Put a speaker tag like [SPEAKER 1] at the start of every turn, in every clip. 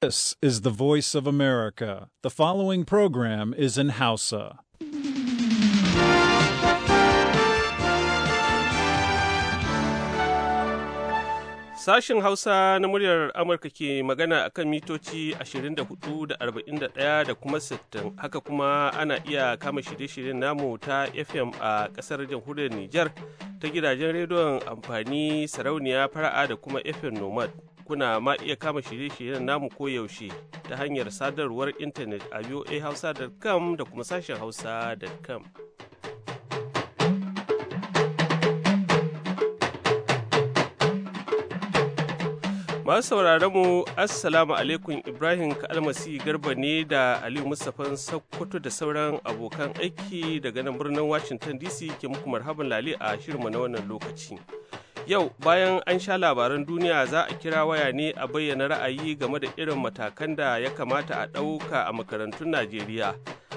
[SPEAKER 1] This is the voice of America. The following program is in Hausa.
[SPEAKER 2] Sashen Hausa na muryar Amurka ke magana a kan mitoci 24 da 41 da kuma 60 haka kuma ana iya kama shirye-shiryen namu ta FM a ƙasar jamhuriyar Nijar ta gidajen rediyon amfani sarauniya fara'a da kuma FM Nomad. kuna ma iya kama shirye-shiryen namu ko yaushe ta hanyar sadarwar intanet a voahausa.com da kuma sashen hausa.com. masu sauraron mu assalamu alaikum ibrahim kalmasi garba ne da aliyu mustapha sakkwato da sauran abokan aiki daga nan birnin washington dc ke muku marhaban lali a shirinmu na wannan lokaci Yau bayan an sha labaran duniya za a kira waya ne a bayyana ra'ayi game da irin matakan da ya kamata a ɗauka a makarantun Najeriya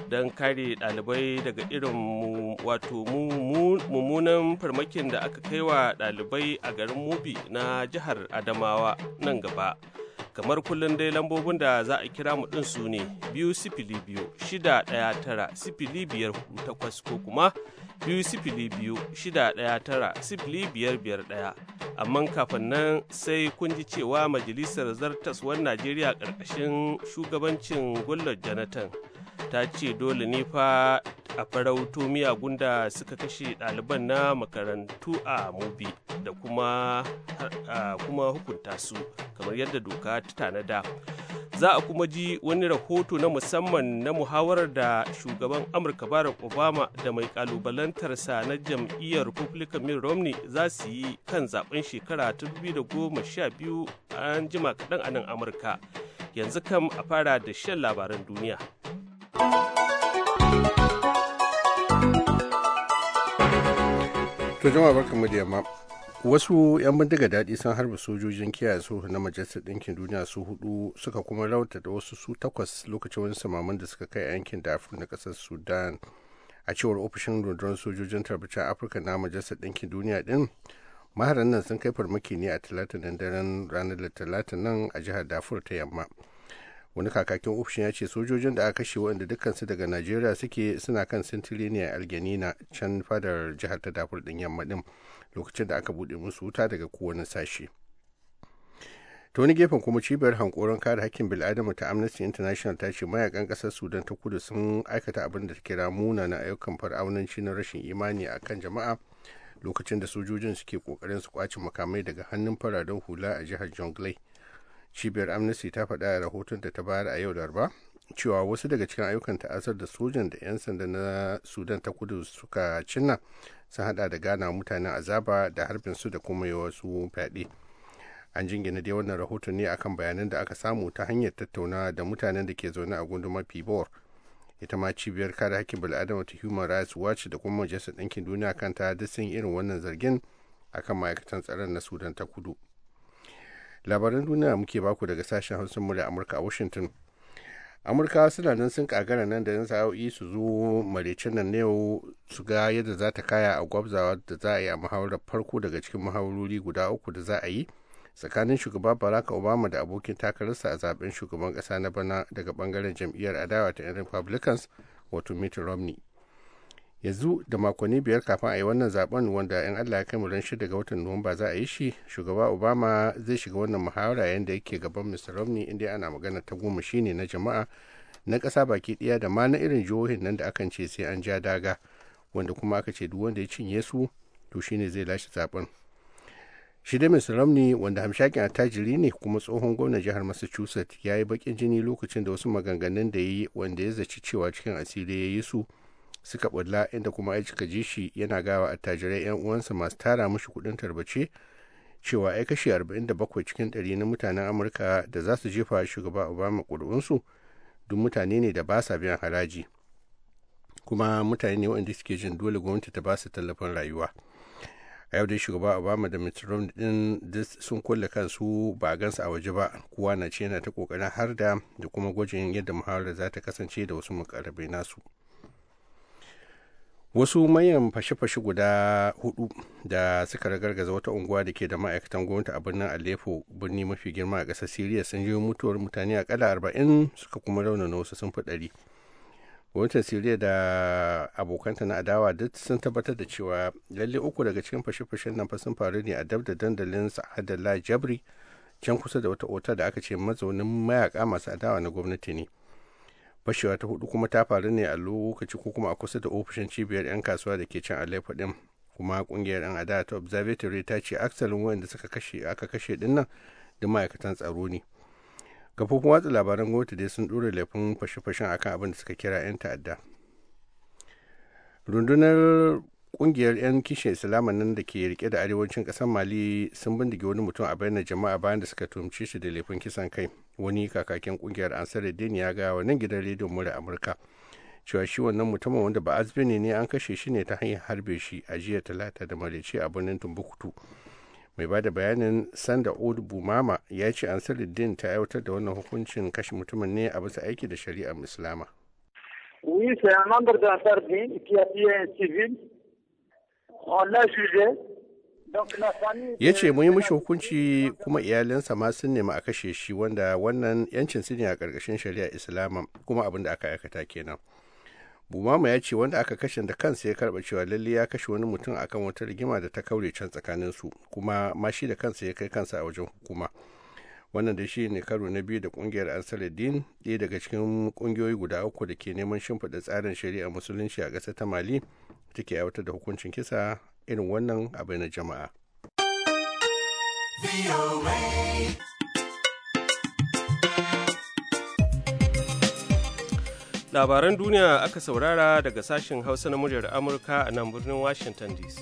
[SPEAKER 2] don kare ɗalibai daga irin wato mummunan farmakin da aka kai wa ɗalibai a garin Mubi na jihar Adamawa nan gaba. Kamar kullum dai lambobin da za a kira mu ɗin su ne biyu sifili biyu shida ɗaya tara sifili biyar takwas ko kuma biyu sifili biyu shida ɗaya tara sifili biyar biyar ɗaya amma kafin nan sai kun ji cewa majalisar zartaswar najeriya ƙarƙashin shugabancin gullar jonathan ta ce dole ne fa a farauto miyagun da suka kashe ɗaliban na makarantu a mubi da kuma, hukunta su kamar yadda doka ta tanada za a kuma ji wani rahoto na musamman na muhawarar da shugaban amurka barack obama da mai kalubalantarsa na jam'iyyar republican mitt romney za su yi kan zaben shekara ta 2012 an jima kaɗan a nan amurka yanzu kam a fara da shan labaran duniya
[SPEAKER 3] To jama'a mu da yamma. wasu 'yan bindiga daɗi sun harba sojojin kiyaye sulhu na majalisar ɗinkin duniya su hudu suka kuma rauta da wasu su takwas lokacin wani samaman da suka kai yankin dafur na ƙasar sudan a cewar ofishin rundunar sojojin tarbacin afirka na majalisar ɗinkin duniya ɗin maharan nan sun kai farmaki ne a talatin daren ranar talatin nan a jihar dafur ta yamma wani kakakin ofishin ya ce sojojin da aka kashe waɗanda dukkansu daga najeriya suke suna kan sintiri ne a algenina can fadar jihar ta dafur ɗin yamma ɗin lokacin da aka buɗe musu wuta daga kowane sashe ta wani gefen kuma cibiyar hankoron kare hakkin bil'adama ta amnesty international ta ce mayakan kasar sudan ta kudu sun aikata abin da ta kira muna na ayyukan far'aunanci na rashin imani a kan jama'a lokacin da sojojin suke kokarin su kwace makamai daga hannun fararen hula a jihar jonglei cibiyar amnesty ta faɗa a rahoton da ta bayar a yau laraba cewa wasu daga cikin ayyukan ta'azar da sojan da 'yan sanda na sudan ta kudu suka cinna sun hada da gana mutanen azaba da harbin su da kuma wasu fyaɗe an jingina dai wannan rahoton ne akan bayanan da aka samu ta hanyar tattauna da mutanen da ke zaune a gundumar pibor ita ma cibiyar kare hakkin bil'adama ta human rights watch da kuma majalisar ɗinkin duniya kanta duk sun irin wannan zargin akan ma'aikatan tsaron na sudan ta kudu labaran duniya muke baku daga sashen hausin murya amurka a washington amurkawa suna nan sun kagara nan da yan sa'o'i su zo marecin nan yau su ga yadda za ta kaya a gwabzawa da za a yi a muhawarar farko daga cikin muhawarori guda uku da za a yi tsakanin shugaban barack obama da abokin takararsa a zaben shugaban kasa na bana daga bangaren jam'iyyar adawa ta yan republicans wato mitt romney yanzu da makonni biyar kafin a yi wannan zaben wanda in allah ya kai mu ran shida ga watan nuwamba za a yi shi shugaba obama zai shiga wannan muhawara yadda yake gaban mr romney inda ana magana ta goma shine na jama'a na ƙasa baki ɗaya da ma na irin jihohin nan da akan ce sai an ja daga wanda kuma aka ce duk wanda ya cinye su to shine zai lashe zaben shi da mr romney wanda hamshakin attajiri ne kuma tsohon gwamnan jihar massachusetts ya yi bakin jini lokacin da wasu maganganun da ya yi wanda ya zaci cewa cikin asiri ya yi su suka bulla inda kuma ai cika ji shi yana gawa a tajirai 'yan uwansa masu tara mushi kuɗin tarbace cewa ai kashi 47 cikin ɗari na mutanen amurka da za su jefa shugaba obama ƙuri'unsu duk mutane ne da ba sa biyan haraji kuma mutane ne waɗanda suke jin dole gwamnati ta ba su tallafin rayuwa a yau dai shugaba obama da mitt romney din sun kulle kansu ba a gansu a waje ba kowa na ce yana ta kokarin har da da kuma gwajin yadda muhawarar za ta kasance da wasu mukarrabai nasu wasu manyan fashe-fashe guda hudu da suka ragargaza wata unguwa da ke da ma'aikatan gwamnati a birnin aleppo birni mafi girma a ƙasar siriya sun ji mutuwar mutane a kala 40 suka kuma raunana wasu sun fi ɗari gwamnatin siriya da abokanta na adawa duk sun tabbatar da cewa lalle uku daga cikin fashe-fashen nan fa sun faru ne a dab da dandalin sa'adallah jabri can kusa da wata otal da aka ce mazaunin mayaka masu adawa na gwamnati ne fashewa ta hudu kuma ta faru ne a lokaci ko kuma a kusa da ofishin cibiyar 'yan kasuwa da ke can aleppo din kuma kungiyar 'yan adawa ta observatory ta ce aksalin wanda suka kashe aka kashe din nan da ma'aikatan tsaro ne kafofin watsa labaran gwamnati dai sun ɗora laifin fashe-fashen akan abin da suka kira 'yan ta'adda rundunar kungiyar 'yan kishin islaman nan da ke rike da arewacin kasar mali sun bindige wani mutum a bayyana jama'a bayan da suka tumce shi da laifin kisan kai wani kakakin kungiyar din ya ga nan gidan rediyon mura amurka cewa shi wannan mutumin wanda ba azbini ne an kashe shi ne ta hanyar harbe shi a jiya talata da marice a birnin tumbuktu mai ba da bayanin sanda old bumama ya ce din ta aiwatar da wannan hukuncin kashe mutumin ne a bisa aiki da shari'ar islama
[SPEAKER 4] Oui, c'est un membre de la civil. On l'a jugé ya ce mun yi mishi
[SPEAKER 3] hukunci kuma iyalinsa ma sun nemi a kashe shi wanda wannan yancin su ne a ƙarƙashin shari'a islama kuma abin da aka aikata kenan bumama ya ce wanda aka kashe da kansa ya karɓa cewa lalle ya kashe wani mutum akan wata rigima da ta kaure can tsakanin su kuma ma shi da kansa ya kai kansa a wajen hukuma wannan da shi ne karo na biyu da kungiyar ansaruddin ɗaya daga cikin kungiyoyi guda uku da ke neman shimfiɗa tsarin shari'a musulunci a ƙasar ta mali take aiwatar da hukuncin kisa irin wannan abai na jama'a.
[SPEAKER 2] Labaran duniya aka saurara daga sashen Hausa na muryar Amurka a nan birnin Washington DC.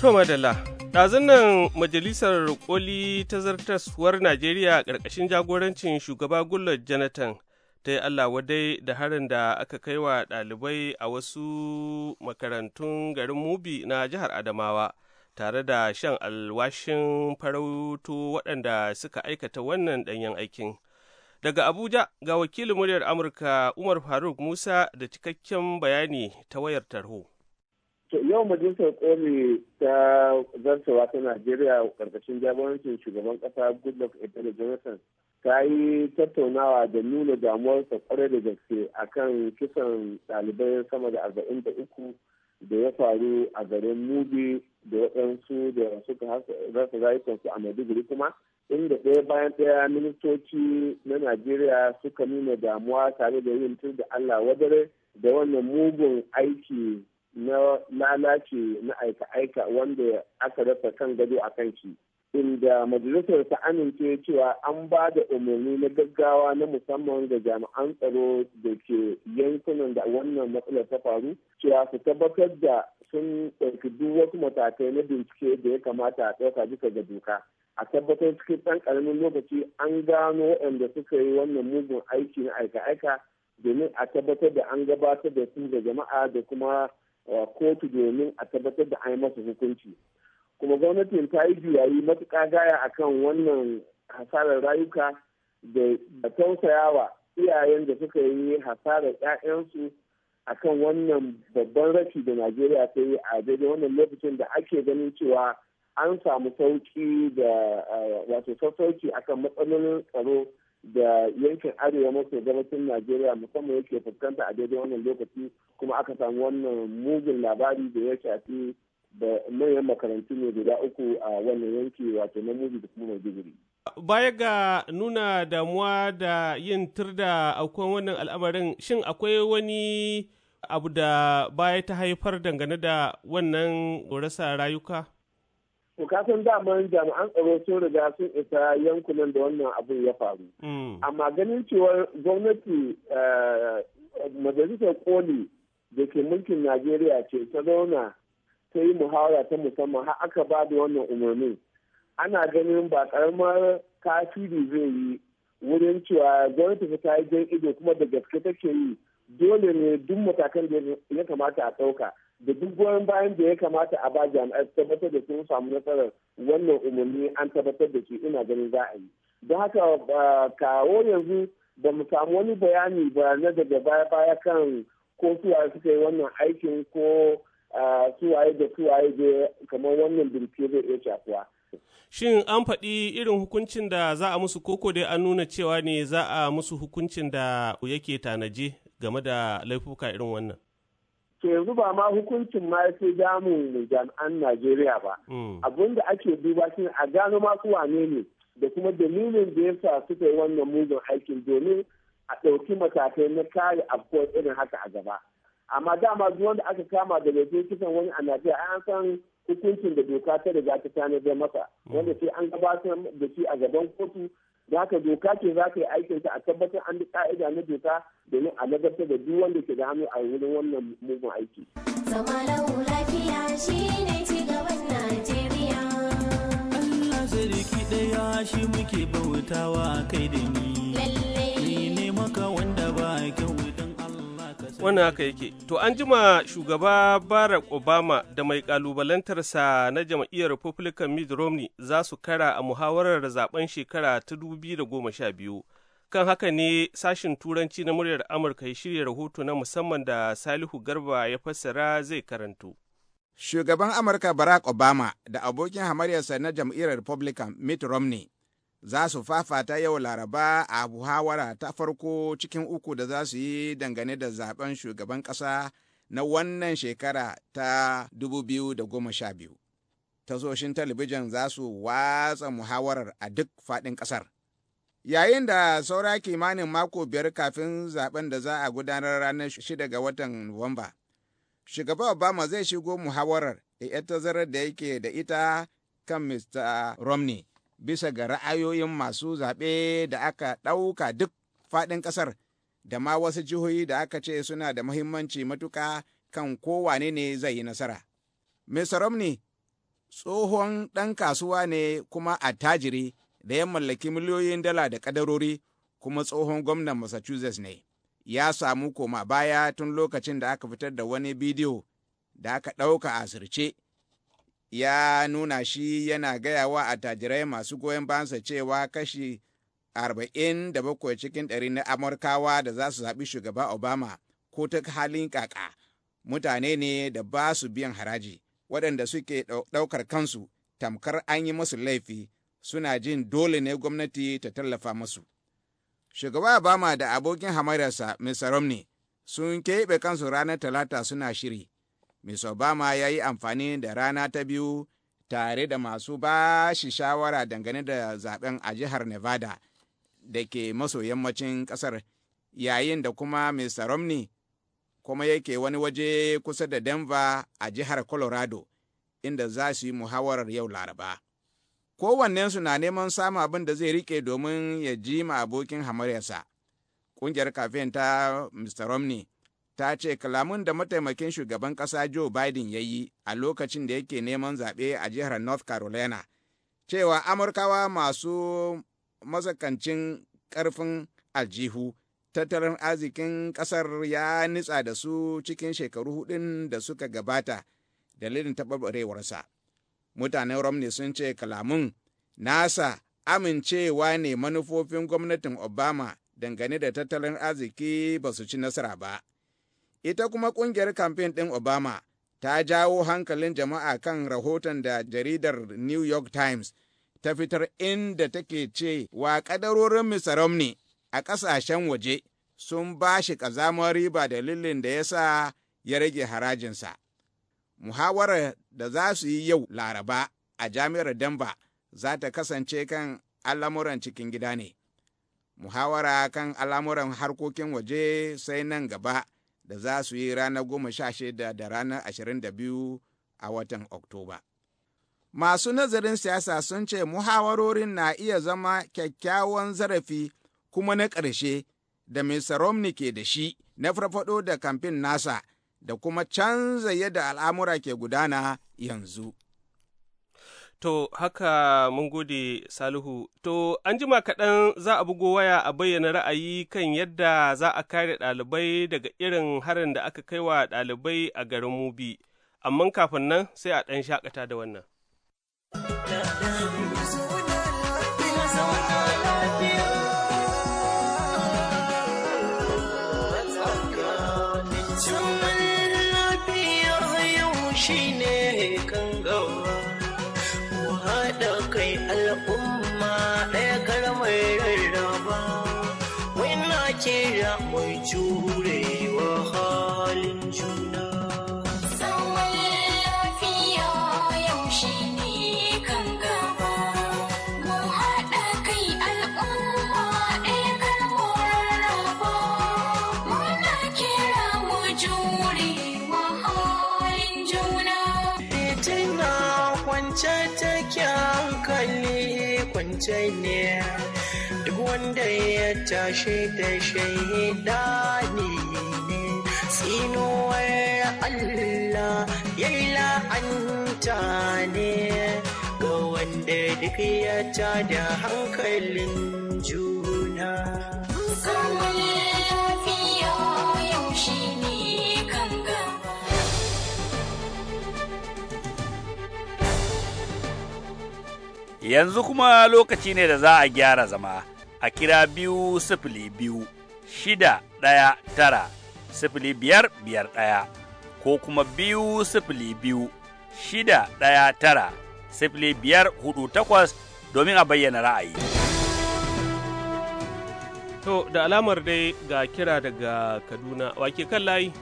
[SPEAKER 2] To madalla, ɗazun nan Majalisar Koli ta zartaswar Najeriya ƙarƙashin jagorancin shugaba Goodluck Jonathan ta yi Allah wadai da harin da aka kai wa ɗalibai a wasu makarantun garin Mubi na jihar Adamawa. tare da shan alwashin farauto waɗanda suka aikata wannan ɗanyen aikin. Daga Abuja ga wakilin muryar Amurka Umar Faruk Musa da cikakken bayani ta wayar tarho.
[SPEAKER 4] To yau majalisar komi ta zartawa ta Najeriya karkashin jagorancin shugaban kasa Goodluck Ebele Jonathan ta yi tattaunawa da nuna damuwarsa kwarai da gaske akan kisan ɗalibai sama da arba'in da uku da ya faru a garin Mubi da waɗansu da suka rasa rayukansu a Maiduguri kuma inda ɗaya bayan ɗaya ministoci na Najeriya suka nuna damuwa tare da yin tun da Allah wadare da wannan mugun aiki na lalace na aika-aika wanda aka rasa kan gado a kan shi inda majalisar ta amince cewa an ba da umarni na gaggawa na musamman ga jami'an tsaro da ke yankunan da wannan matsalar ta faru cewa su tabbatar da sun ɗauki duk wasu matakai na bincike da ya kamata a ɗauka bisa ga doka a tabbatar cikin ɗan ƙaramin lokaci an gano waɗanda suka yi wannan mugun aiki na aika-aika domin a tabbatar da an gabatar da su ga jama'a da kuma kotu domin a tabbatar da an yi masa hukunci kuma gwamnatin ta yi juyayi matuƙa gaya akan wannan hasarar rayuka da tausayawa iyayen da suka yi hasarar 'ya'yansu akan wannan babban rashi da najeriya ta yi a daidai wannan lokacin da ake ganin cewa an samu sauki da wato sassauci akan matsalolin tsaro da yankin arewa maso gabashin najeriya musamman yake fuskanta a daidai wannan lokaci kuma aka samu wannan mugun labari da ya shafi da manyan makarantu ne guda uku a wannan yanki wato na mugu da kuma maiduguri
[SPEAKER 2] baya ga nuna damuwa da yin tur da aukuwan wannan al'amarin shin akwai wani abu da baya ta haifar dangane da wannan rasa rayuka
[SPEAKER 4] to kasan daman jami'an tsaro sun riga sun isa yankunan da wannan abin ya faru mm. amma ganin cewar gwamnati eh, majalisar koli da ke mulkin najeriya ce ta zauna ta yi muhawara ta musamman har aka ba da wannan umarni. ana ganin ba karamar tasiri zai yi wurin cewa gwamnati ta yi jan ido kuma da gaske take yi dole ne duk matakan da ya kamata a ɗauka da duk goyon bayan da ya kamata a ba jami'ai su tabbatar da sun samu nasarar wannan umarni an tabbatar da shi ina ganin za a yi don haka kawo yanzu ba mu samu wani bayani ba na daga baya baya kan ko suwaye suka yi wannan aikin ko suwaye da suwaye da kamar wannan bincike zai iya shafuwa.
[SPEAKER 2] Shin an faɗi irin hukuncin da za a musu koko dai an nuna cewa ne za a musu hukuncin da yake tanaje game da laifuka irin wannan?
[SPEAKER 4] ke yanzu ma hukuncin ma ya fi damun jami'an najeriya ba mm. abin da ake duba shi a gano masu wane ne da kuma dalilin da ya sa suka yi wannan mugun aikin domin a ɗauki matakai na kare afkuwar irin haka a gaba amma dama duk wanda aka kama da laifin kisan wani a najeriya an san hukuncin da doka ta riga ta tanadar masa mm. wanda sai an gabatar da shi a gaban kotu da ka doka ce za ka yi aikin ta a tabbatar an bi ka'ida na doka domin a nazarta da duk wanda ke da hannu a wurin wannan mugun aiki.
[SPEAKER 5] Zama lafiya shi ne ci gaban Najeriya. Allah sarki
[SPEAKER 2] ɗaya shi muke bautawa kai da ni. Lallai. Ni ne maka wanda ba kyau wannan haka yake to an jima shugaba barack obama da mai kalubalantarsa na jam'iyyar republican mitt romney za su kara a muhawarar zaben shekara ta 2012 kan haka ne sashin turanci na muryar amurka ya shirya rahoto na musamman da salihu garba ya fassara zai karanto
[SPEAKER 5] shugaban amurka barack obama da abokin hamaryarsa na jam'iyyar republican mitt romney za su fafata yau laraba a buhawara ta farko cikin uku da za su yi dangane da zaben shugaban ƙasa na wannan shekara ta 2012 tasoshin talabijin za su watsa muhawarar a duk faɗin ƙasar yayin da saura kimanin mako biyar kafin zaben da za a gudanar ranar 6 ga watan nuwamba shugaba obama zai shigo muhawarar da tazarar da yake da ita kan mr romney bisa ga ra'ayoyin masu zaɓe da aka ɗauka duk faɗin ƙasar da ma wasu jihohi da aka ce suna da muhimmanci matuƙa kan kowane ne zai yi nasara. Mr. Romney tsohon ɗan kasuwa ne kuma a tajiri da ya mallaki miliyoyin dala da ƙadarori kuma tsohon gwamnan Massachusetts ne. Ya samu koma baya tun lokacin da aka fitar da wani bidiyo da aka ɗauka a asirce ya nuna shi yana gaya wa attajirai masu goyon bansa cewa kashi 47 cikin ɗari na amurkawa da za su zaɓi shugaba obama ko ta halin kaka mutane ne da ba su biyan haraji waɗanda suke ɗaukar kansu tamkar an yi musu laifi suna jin dole ne gwamnati ta tallafa musu shugaba obama da abokin hamadarsa mr romney sun keɓe kansu ranar talata suna shiri Ms. Obama ya yi amfani da rana ta biyu tare da masu ba shi shawara dangane da zaben a jihar Nevada da ke maso yammacin ƙasar yayin da kuma Mr. Romney kuma yake wani waje kusa da Denver a jihar Colorado inda za su yi muhawarar yau Laraba. Kowannensu na neman samun abin da zai rike domin ya ji ma abokin hamaryarsa. Ƙungiyar kafin ta Mr. Romney ta ce kalamun da mataimakin shugaban ƙasa Joe Biden ya yi a lokacin da yake neman zaɓe a jihar North Carolina, cewa Amurkawa masu matsakancin ƙarfin aljihu tattalin arzikin ƙasar ya nitsa da su cikin shekaru hudun da suka gabata dalilin taɓarɓarewarsa. Mutanen Romney sun ce kalamun nasa amincewa ne manufofin gwamnatin Obama dangane da tattalin arziki ba su ci nasara ba. Ita kuma ƙungiyar kamfen ɗin Obama ta jawo hankalin jama'a kan rahoton da jaridar New York Times ta fitar inda take ce wa ƙadarorin Mr. Romney a ƙasashen waje sun ba shi ƙazamar riba dalilin da ya sa ya rage harajinsa. Muhawarar da za su yi yau Laraba a jami'ar Denver za ta kasance kan al'amuran cikin gida ne. Muhawara kan al'amuran harkokin waje sai nan gaba. da za su yi ranar goma sha shida da ranar ashirin da biyu a watan Oktoba. Masu nazarin siyasa sun ce muhawarorin na iya zama kyakkyawan zarafi kuma na ƙarshe da Mr. Romney ke da shi na farfaɗo da kamfen nasa da kuma canza yadda al'amura ke gudana yanzu.
[SPEAKER 2] To, haka mun gode Salihu. To, an jima kaɗan za a bugo waya a bayyana ra'ayi kan yadda za a kare ɗalibai daga irin harin da aka kai wa ɗalibai a garin Mubi, amma kafin nan sai a ɗan shakata da wannan.
[SPEAKER 1] wanda ya tashi da shaida ne sino Allah ya yi la'anta ne ga wanda duk ya ta da hankalin juna.
[SPEAKER 2] Yanzu kuma lokaci ne da za a gyara zama. a kira biyu sifili biyu shida ɗaya tara sifili
[SPEAKER 4] biyar biyar ɗaya ko kuma biyu sifili biyu shida ɗaya
[SPEAKER 2] tara sifili biyar hudu takwas domin a bayyana ra'ayi. To da alamar dai ga kira daga Kaduna wake kan layi?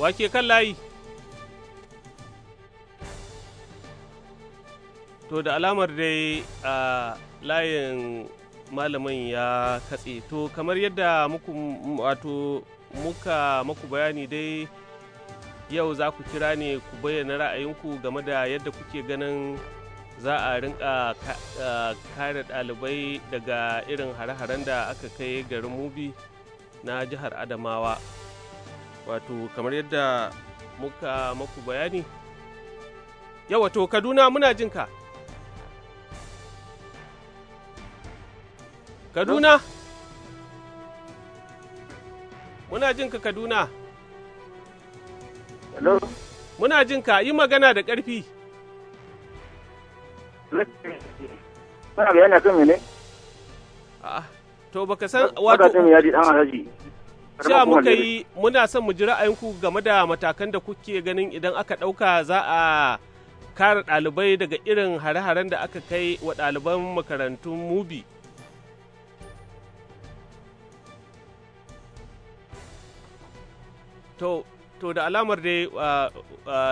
[SPEAKER 2] Wake kan layi? to da alamar dai a layin malamin ya katse to kamar yadda muku wato muka muku bayani dai yau za ku kira ne ku bayyana ra'ayinku game da yadda kuke ganin za a rinka kare ɗalibai daga irin hare-haren da aka kai garin mubi na jihar adamawa wato kamar yadda muka maku bayani yawa to kaduna muna jinka Kaduna! Muna jin ka Kaduna. Hello? Muna jin ka yi magana da ƙarfi.
[SPEAKER 4] Muna bayani akan
[SPEAKER 2] To baka san wato.
[SPEAKER 4] Cewa muka yi
[SPEAKER 2] muna son mu ji ra'ayinku game da matakan da kuke ganin idan aka ɗauka za a kare ɗalibai daga irin hare-haren da aka kai wa ɗaliban makarantun mubi. To, to da alamar dai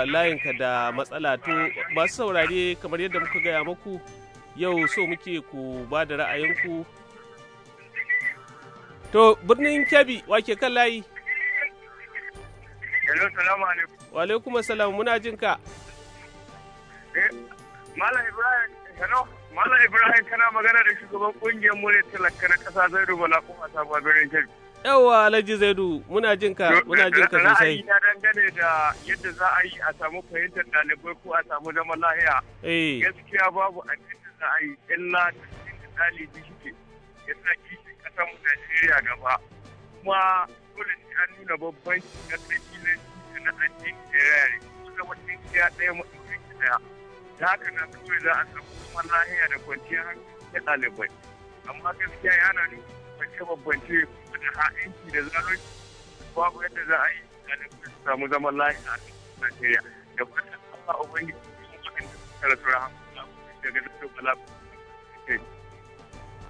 [SPEAKER 2] layinka da matsala to masu saurare kamar yadda muka gaya maku, yau so muke ku ba da ra'ayinku. To, birnin Kebbi wake kan layi. Hello, salamu alaikum. Wa alaikum salam muna jin ka.
[SPEAKER 4] Eh, Malam Ibrahim, hello. Ibrahim kana magana da shugaban kungiyar mure talaka na kasa zai Bala kuma ta
[SPEAKER 2] birnin Kebbi. Yawwa Alhaji Zaidu muna jin ka muna jin ka sosai. Ra'ayi na
[SPEAKER 4] dangane da yadda za a yi a samu fahimtar ɗalibai ko a samu zaman lahiya. Eh. Gaskiya babu abinda da za a yi illa da dalibi shi ya sa kishin da Najeriya gaba. Kuma dole ne an nuna babban na shi na addini da yare. Kusa wata ya ɗaya mutum ɗaya. Da haka na kawai za a samu zaman lahiya da kwanciyar hankali da ɗalibai. Amma gaskiya yana nuna bambance-bambance da ha'inci da zalunci babu yadda za a yi ɗalibai su
[SPEAKER 2] samu zaman lafiya a cikin Najeriya
[SPEAKER 4] da fatan Allah Ubangiji sun bakin da suka rasu rahama daga Dr. Bala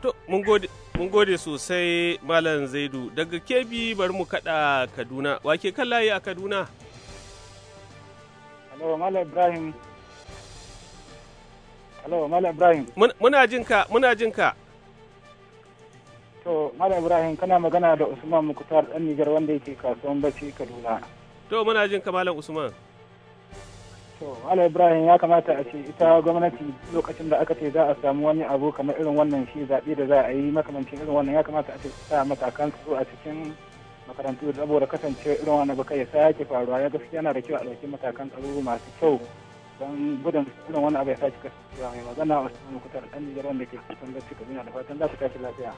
[SPEAKER 2] To, mun gode sosai Malam Zaidu. Daga Kebi bari mu kaɗa Kaduna. Wake kan layi a Kaduna? Hello, Malam Ibrahim. Hello, Malam Ibrahim. Muna jinka, muna jinka. To, Mala Ibrahim kana magana da Usman Mukutar ɗan Nijar wanda yake kasuwan bacci Kaduna. To, muna jin ka Malam Usman. To, Mala Ibrahim ya kamata a ce ita gwamnati lokacin da aka ce za a samu wani abu kamar irin wannan shi zaɓe da za a yi makamancin irin wannan ya kamata a ce sa matakan su a cikin makarantu da saboda kasance irin wannan ba kai sake faruwa ya gaskiya yana da kyau a ɗauki matakan tsaro masu kyau don gudun irin wani abu ya sake kasancewa mai magana a wasu lokutan ɗan nijar wanda ke kusan da cika duniya da fatan za su tashi lafiya.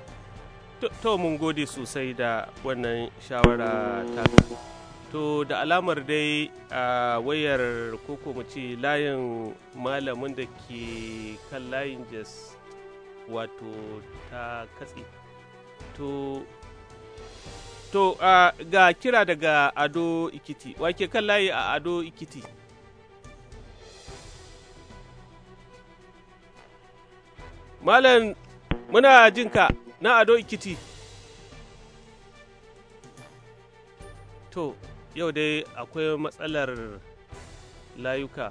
[SPEAKER 2] to mun gode sosai da wannan shawara ta to da alamar dai a wayar koko mu ce layin malamin da ke kan layin jes wato ta katse to to ga kira daga ado ikiti wake kan layi a ado ikiti malam muna jinka na ado ikiti to yau dai akwai matsalar layuka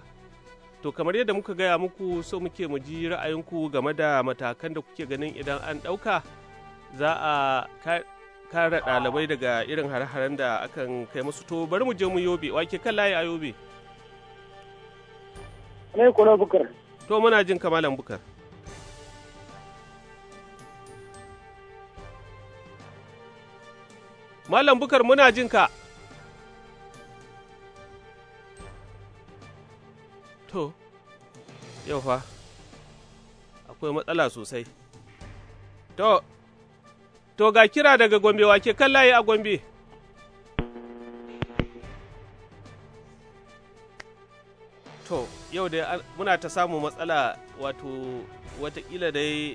[SPEAKER 2] to kamar yadda muka gaya muku so muke mu ji ra'ayinku game da matakan da kuke ganin idan an ɗauka za a kare ɗalibai daga irin har haren da akan kai musu to bari mu je mu yobe wake kan layi a yobe ne kuna bukar to muna jin kamalan bukar Malam Bukar muna jin ka. To, yau fa, akwai matsala sosai. To, to ga kira daga Gombe wake kan layi a Gombe. To, yau dai muna ta samu matsala wato watakila dai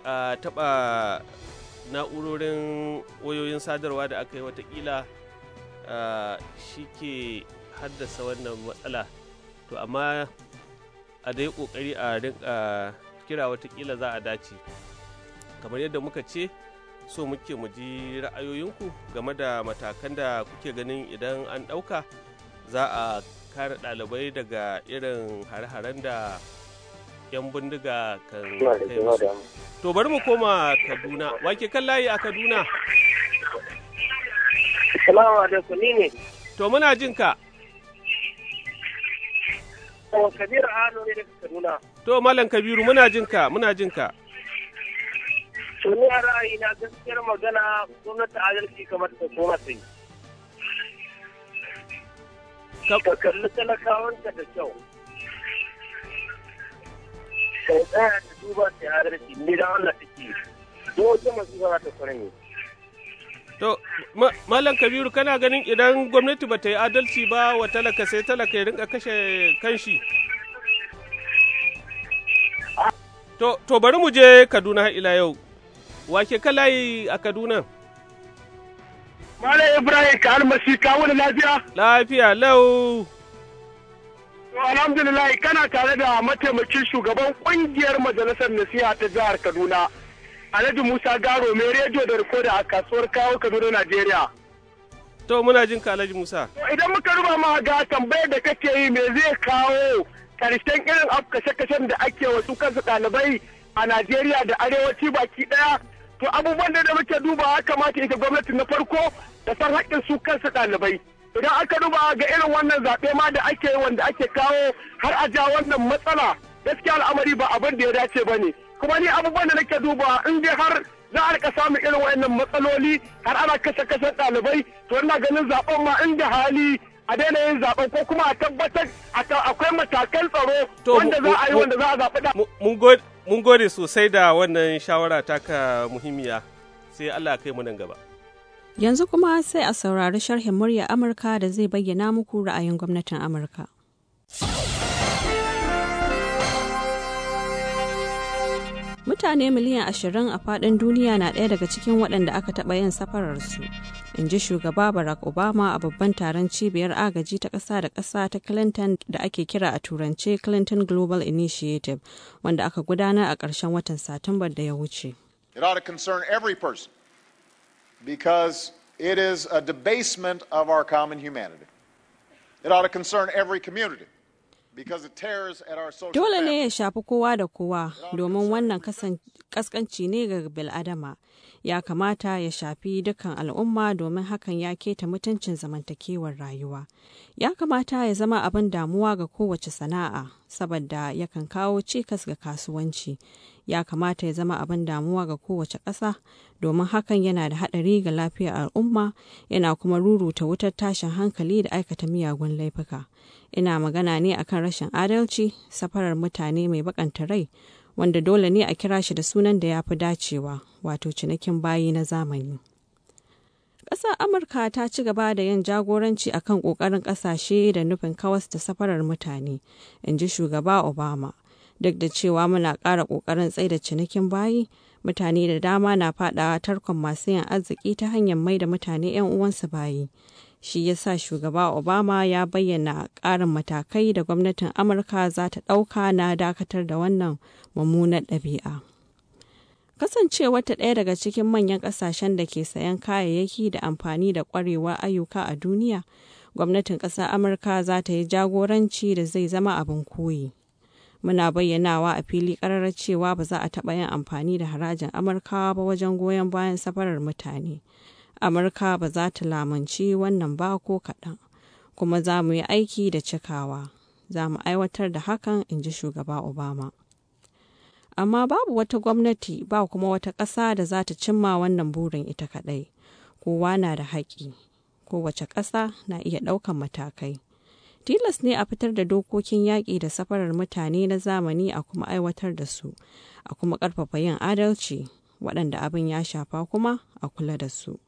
[SPEAKER 2] a taɓa na'urorin wayoyin sadarwa da aka yi watakila shi ke haddasa wannan matsala to amma a dai kokari a rinka kira watakila za a dace kamar yadda muka ce so muke mu ji ra'ayoyinku game da matakan da kuke ganin idan an ɗauka za a kare ɗalibai daga irin hare-haren da 'yan bindiga kan kai musu. To bari mu koma Kaduna, wake kan layi a Kaduna? Salamu alaikum ni ne. To muna jin ka.
[SPEAKER 4] Kabiru Ado ne daga Kaduna.
[SPEAKER 2] To Malam Kabiru muna jin ka, muna jin ka.
[SPEAKER 4] To ni a na gaskiyar magana gwamnati adalci kamar ta koma ta yi. Ka kalli talakawanta da kyau. duba da ta
[SPEAKER 2] To, Malam Kabiru kana ganin idan gwamnati ba ta yi adalci ba wa talaka sai talaka ya rinka kashe kanshi? To, to bari mu je Kaduna ila yau. Wake kalayi a Kaduna? Malam Ibrahim ka almasi ka wani lafiya? Lafiya lau.
[SPEAKER 4] Alhamdulillah kana tare da mataimakin shugaban kungiyar majalisar nasiha ta jihar Kaduna. Alhaji Musa Garo mai rediyo da rikoda a kasuwar kawo Kaduna Najeriya.
[SPEAKER 2] To muna jin ka Alhaji Musa.
[SPEAKER 4] Idan muka ruba ma ga tambayar da kake yi me zai kawo karshen irin kashe-kashen da ake wasu kansu ɗalibai a Najeriya da arewaci baki ɗaya to abubuwan da muke dubawa kamata ita gwamnati na farko da san haƙƙin su kansu ɗalibai. idan aka duba ga irin wannan zaɓe ma da ake yi wanda ake kawo har a ja wannan matsala gaskiya al'amari ba abin da ya dace ba ne kuma ni abubuwan da nake duba in dai har za a rika samun irin wa'annan matsaloli har ana kashe kashe ɗalibai to ina ganin zaɓen ma inda hali a daina yin zaɓen ko kuma a tabbatar akwai matakan tsaro wanda za a yi wanda za a zaɓi da.
[SPEAKER 2] Mun gode sosai da wannan shawara taka muhimmiya sai Allah kai mu nan gaba.
[SPEAKER 1] Yanzu kuma sai a saurari sharhin murya Amurka da zai bayyana muku ra'ayin gwamnatin Amurka. Mutane miliyan ashirin a faɗin duniya na ɗaya daga cikin waɗanda aka taɓa yin safararsu, in ji shugaba Barack Obama a babban taron cibiyar agaji ta ƙasa da ƙasa ta Clinton da ake kira a turance Clinton Global Initiative, wanda aka gudanar a ƙarshen watan Satumbar da ya wuce.
[SPEAKER 5] It ought to concern every person because it is a debasement of our common humanity. It ought to
[SPEAKER 1] concern every community. Dole ne ya shafi kowa da kowa domin wannan kaskanci ne ga bil'adama. Ya kamata ya shafi dukkan al'umma domin hakan ya keta mutuncin zamantakewar rayuwa. Ya kamata ya zama abin damuwa ga kowace sana'a, saboda yakan kawo cikas ga kasuwanci. ya kamata ya zama abin damuwa ga kowace ƙasa domin hakan yana da haɗari ga lafiyar al'umma yana kuma ruruta wutar tashin hankali da aikata miyagun laifuka ina magana ne akan rashin adalci safarar mutane mai bakanta rai wanda dole ne a kira shi da sunan da ya fi dacewa wato cinikin bayi na zamani ƙasar amurka ta ci gaba da yin jagoranci akan ƙoƙarin ƙasashe da nufin kawas da safarar mutane in ji shugaba obama duk da cewa muna ƙara ƙoƙarin tsaida cinikin bayi mutane da dama na faɗawa tarkon masu yin arziki ta hanyar mai da mutane 'yan uwansu bayi shi ya sa shugaba obama ya bayyana ƙarin matakai da gwamnatin amurka za ta ɗauka na dakatar da wannan mummunar ɗabi'a kasancewar ta ɗaya daga cikin manyan ƙasashen da ke sayan kayayyaki da amfani da ƙwarewar ayyuka a duniya gwamnatin ƙasar amurka za ta yi jagoranci da zai zama abin koyi muna bayyanawa a fili ƙararra cewa ba za a taɓa yin amfani da harajin amurkawa ba wajen goyon bayan safarar mutane amurka ba za ta lamunci wannan ba ko kaɗan kuma za mu yi aiki da cikawa za mu aiwatar da hakan in ji shugaba obama amma babu wata gwamnati ba kuma wata ƙasa da za ta cimma wannan burin ita kaɗai kowa na da haƙƙi kowace ƙasa na iya ɗaukan matakai tilas ne a fitar da dokokin yaƙi da safarar mutane na zamani a kuma aiwatar da su a kuma ƙarfafa yin adalci waɗanda abin ya shafa kuma a kula da su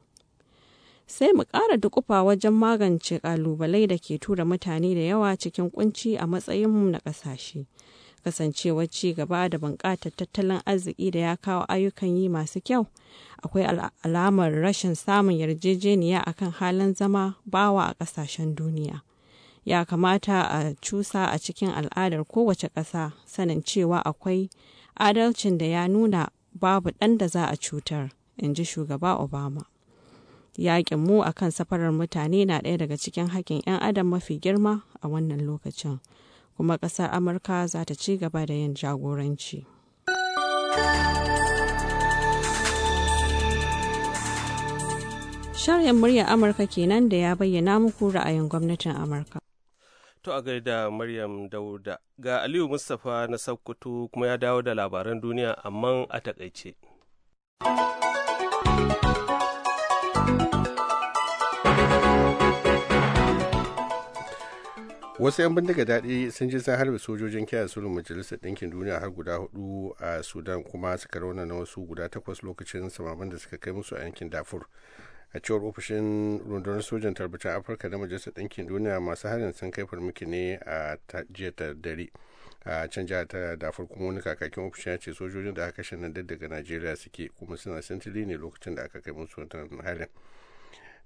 [SPEAKER 1] sai mu ƙara dukufa wajen magance ƙalubalai da ke tura mutane da yawa cikin kunci a matsayinmu na ƙasashe kasancewar ci gaba da bunƙatar tattalin arziki da ya kawo ayyukan yi masu kyau akwai alamar rashin samun yarjejeniya akan halin zama bawa a ƙasashen duniya ya kamata a cusa a cikin al'adar kowace ƙasa sanin cewa akwai adalcin da ya nuna babu ɗan da za a cutar in ji shugaba obama yaƙin mu a kan safarar mutane na ɗaya daga cikin haƙƙin 'yan adam mafi girma a wannan lokacin kuma ƙasar amurka za ta ci gaba da yin jagoranci sharhin muryar amurka kenan da ya bayyana muku ra'ayin gwamnatin amurka
[SPEAKER 2] To a gaida Maryam Dauda ga Aliyu Mustapha na Sokoto kuma ya dawo da labaran duniya amma a takaice.
[SPEAKER 3] wasu 'yan bindiga daɗi sun ji sun harbe sojojin kiyaye sulhun majalisar ɗinkin duniya har guda hudu a sudan kuma suka rauna na wasu guda takwas lokacin samaman da suka kai musu a yankin dafur a cewar ofishin rundunar sojan tarbacin afirka da majalisar ɗinkin duniya masu harin sun kai farmaki ne a jiya ta dare a can jihar ta dafar kuma wani kakakin ofishin ya ce sojojin da aka kashe nan daga najeriya suke kuma suna sintiri ne lokacin da aka kai musu wannan harin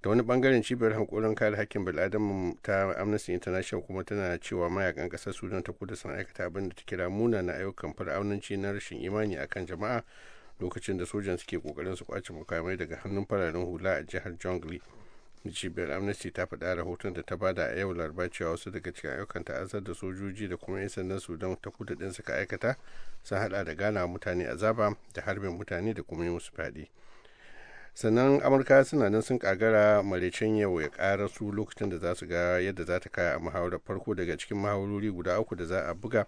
[SPEAKER 3] da wani bangaren cibiyar hankoron kare hakkin bil'adam ta amnesty international kuma tana cewa mayakan kasar sudan ta kudu sun aikata abin da ta kira na ayyukan fir'aunanci na rashin imani akan jama'a lokacin da sojan suke kokarin su kwace mukamai daga hannun fararen hula a jihar da cibiyar amnesty ta faɗa rahoton da ta bada a yau laraba cewa wasu daga cikin ayyukan ta'azzar da sojoji da kuma 'yan sandan sudan ta kudu ɗin suka aikata sun hada da gana mutane azaba da harbin mutane da kuma yi musu fyaɗe sannan amurka suna nan sun kagara maraicen yau ya kara su lokacin da za su ga yadda za ta kaya a muhawarar farko daga cikin muhawarori guda uku da za a buga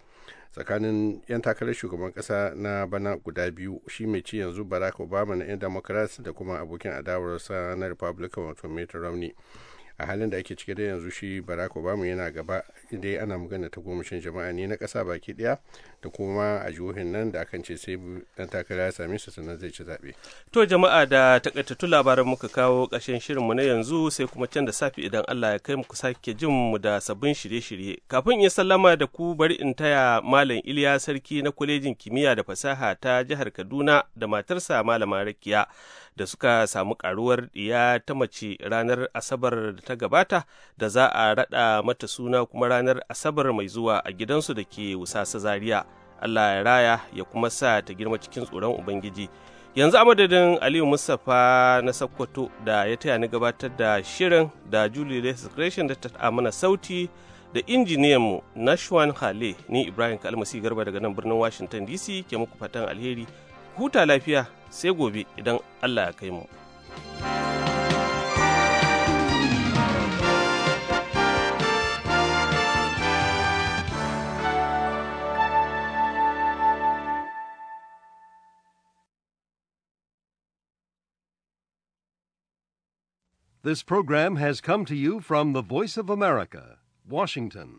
[SPEAKER 3] tsakanin 'yan takarar shugaban kasa na bana guda biyu shi mai ci yanzu barack obama na 'yan democrats da kuma abokin adawarsa na republican wato mitt romney a halin da ake cike da yanzu shi barack obama yana gaba dai ana magana ta gomishin jama'a ne na kasa baki ɗaya da kuma a jihohin nan da akan ce sai ɗan takara ya same su sannan zai ci zaɓe.
[SPEAKER 2] to jama'a da takaitattu labaran muka kawo ƙarshen shirinmu na yanzu sai kuma can da safe idan allah ya kai muku sake jin mu da sabbin shirye-shirye kafin in sallama da ku bari in taya malam iliya sarki na kwalejin kimiyya da fasaha ta jihar kaduna da matarsa malama rakiya da suka samu karuwar ya ta mace ranar asabar da ta gabata da za a raɗa mata suna kuma ranar asabar mai zuwa a gidansu da ke wusasa zaria allah ya raya ya kuma sa ta girma cikin tsoron ubangiji yanzu a madadin aliyu mustapha na sakkwato da ya taya ni gabatar da shirin da julie resurrection da ta mana sauti da injiniyanmu nashwan hale ni ibrahim kalmasi garba daga nan birnin washington dc ke muku fatan alheri huta lafiya sai gobe idan Allah ya kai mu.
[SPEAKER 3] This program has come to you from the Voice of America,
[SPEAKER 4] Washington.